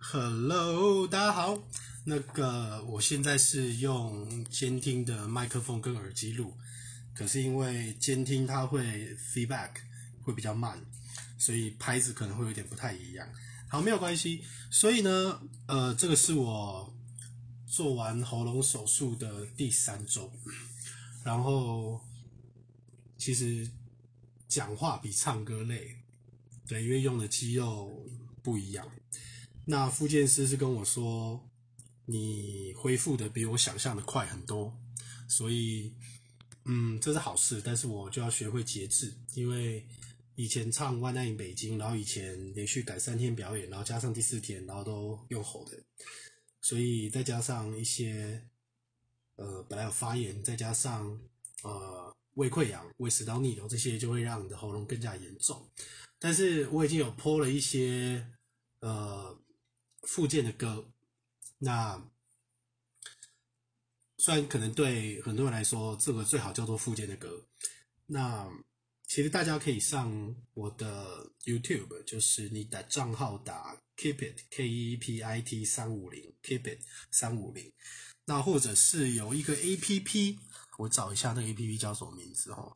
Hello，大家好。那個，我現在是用監聽的麥克風跟耳機錄，可是因為監聽它會 feedback 會比較慢，所以拍子可能會有點不太一樣。好，沒有關係。所以呢，呃，這個是我做完喉嚨手術的第三周，然後其實講話比唱歌累，對，因為用的肌肉不一樣。那復健師是跟我說，你恢復的比我想象的快很多，所以，嗯，這是好事。但是我就要學會節制，因為以前唱《One Night 在北京》，然後以前連續改三天表演，然後加上第四天，然後都用吼的，所以再加上一些，呃，本來有發炎，再加上呃胃潰瘍、胃食道逆流這些，就會讓你的喉嚨更加嚴重。但是我已經有潑了一些，呃。復健的歌，那雖然可能對很多人來說，這個最好叫做復健的歌。那其實大家可以上我的 YouTube，就是你的賬號打 Keep It K E P I T 三五零 Keep It 三五零。那或者是有一個 APP，我找一下那個 APP 叫什麼名字哈？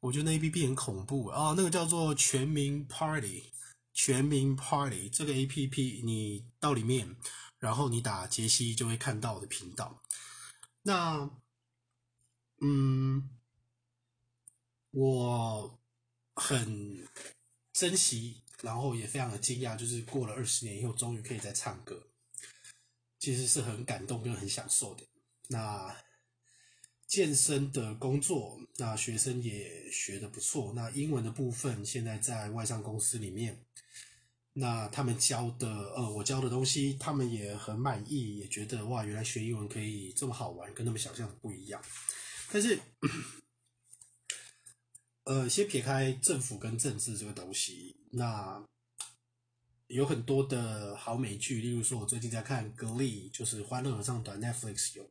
我覺得那 APP 很恐怖啊、哦，那個叫做全民 Party。全民 Party 這個 APP，你到裡面，然後你打傑西就會看到我的頻道。那，嗯，我很珍惜，然後也非常的驚訝，就是過了二十年以後，終於可以再唱歌，其實是很感動跟很享受的。那健身的工作，那學生也學得不錯。那英文的部分，現在在外商公司裡面。那他們教的，呃，我教的東西，他們也很滿意，也覺得哇，原來學英文可以這麼好玩，跟他們想象不一樣。但是呵呵，呃，先撇開政府跟政治這個東西，那有很多的好美劇，例如說，我最近在看《Glee》，就是《歡樂合唱團》，Netflix 有，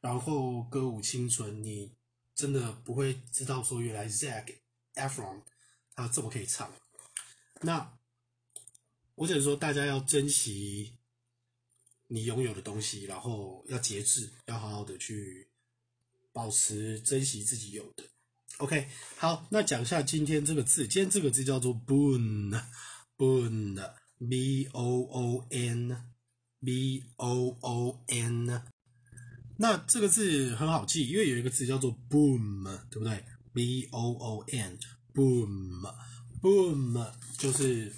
然後《歌舞青春》，你真的不會知道說原來 Zac Efron 他這麼可以唱。那。我只能說，大家要珍惜你擁有的東西，然後要節制，要好好的去保持、珍惜自己有的。OK，好，那講一下今天這個字，今天這個字叫做 “boon”，“boon”，b o o n，b o o n。那這個字很好記，因為有一個字叫做 “boom”，對不對？b o o n，boom，boom 就是。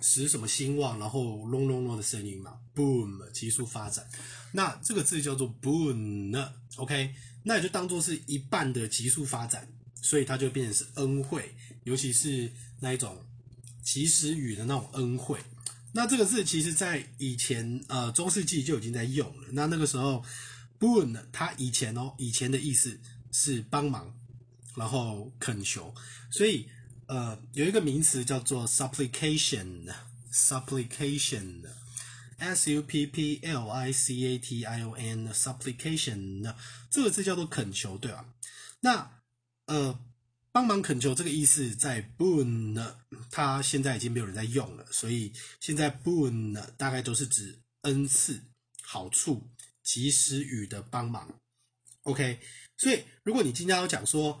使什麼興旺，然後隆隆隆的聲音嘛，boom，急速發展。那這個字叫做 boom，OK，okay？那也就當作是一半的急速發展，所以它就變成是恩惠，尤其是那一種及時雨的那種恩惠。那這個字其實，在以前呃中世紀就已經在用了。那那個時候，boom，它以前哦，以前的意思是幫忙，然後懇求，所以。呃，有一個名詞叫做 supplication，supplication，s u p p l i c a t i o n，supplication，這個字叫做懇求，對吧、啊？那呃，幫忙懇求這個意思在 boon，它現在已經沒有人在用了，所以現在 boon 大概都是指恩賜、好處、及時雨的幫忙。OK，所以如果你今天要講說，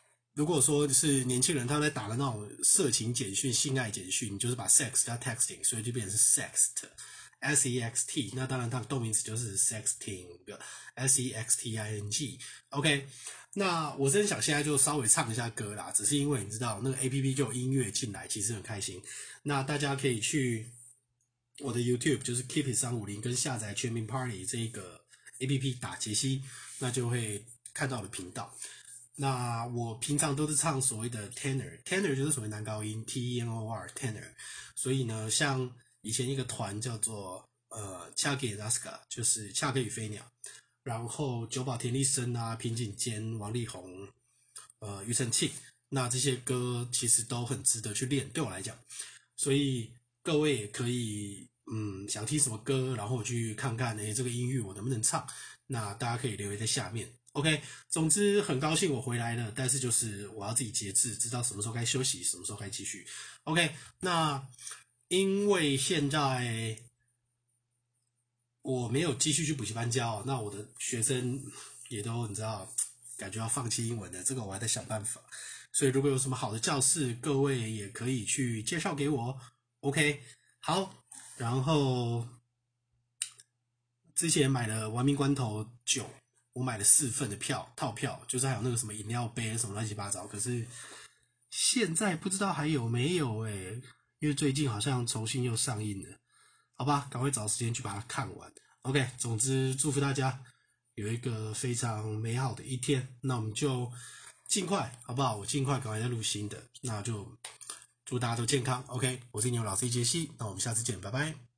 如果說是年輕人，他在打的那種色情簡訊、性愛簡訊，就是把 sex 加 texting，所以就變成是 se sext，s e x t。那當然它的動名詞就是 sexting，s e x t i n g。OK，那我真想現在就稍微唱一下歌啦，只是因為你知道那個 A P P 就有音樂進來，其實很開心。那大家可以去我的 YouTube，就是 Keep It 350跟下載全民 Party 這個 A P P 打杰西，那就會看到我的頻道。那我平常都是唱所謂的 tenor，tenor 就是所謂男高音，t e n o r tenor。所以呢，像以前一個團叫做呃恰給拉斯卡，e、ca, 就是恰克與飛鳥，然後久保田利伸啊、平井堅、王力宏、呃庾澄慶，那這些歌其實都很值得去練，對我來講。所以各位可以嗯想聽什麼歌，然後去看看哎、欸、這個音域我能不能唱。那大家可以留言在下面。OK，總之很高興我回來了，但是就是我要自己節制，知道什麼時候該休息，什麼時候該繼續。OK，那因為現在我沒有繼續去補習班教，那我的學生也都你知道，感覺要放棄英文的，這個我還在想辦法。所以如果有什麼好的教室，各位也可以去介紹給我。OK，好，然後之前買了玩命關頭九。我買了四份的票套票，就是還有那個什麼飲料杯什麼亂七八糟。可是現在不知道還有沒有哎、欸，因為最近好像重新又上映了，好吧，趕快找時間去把它看完。OK，總之祝福大家有一個非常美好的一天。那我們就盡快，好不好？我盡快趕快再錄新的，那就祝大家都健康。OK，我是牛老師一杰西，那我們下次見，拜拜。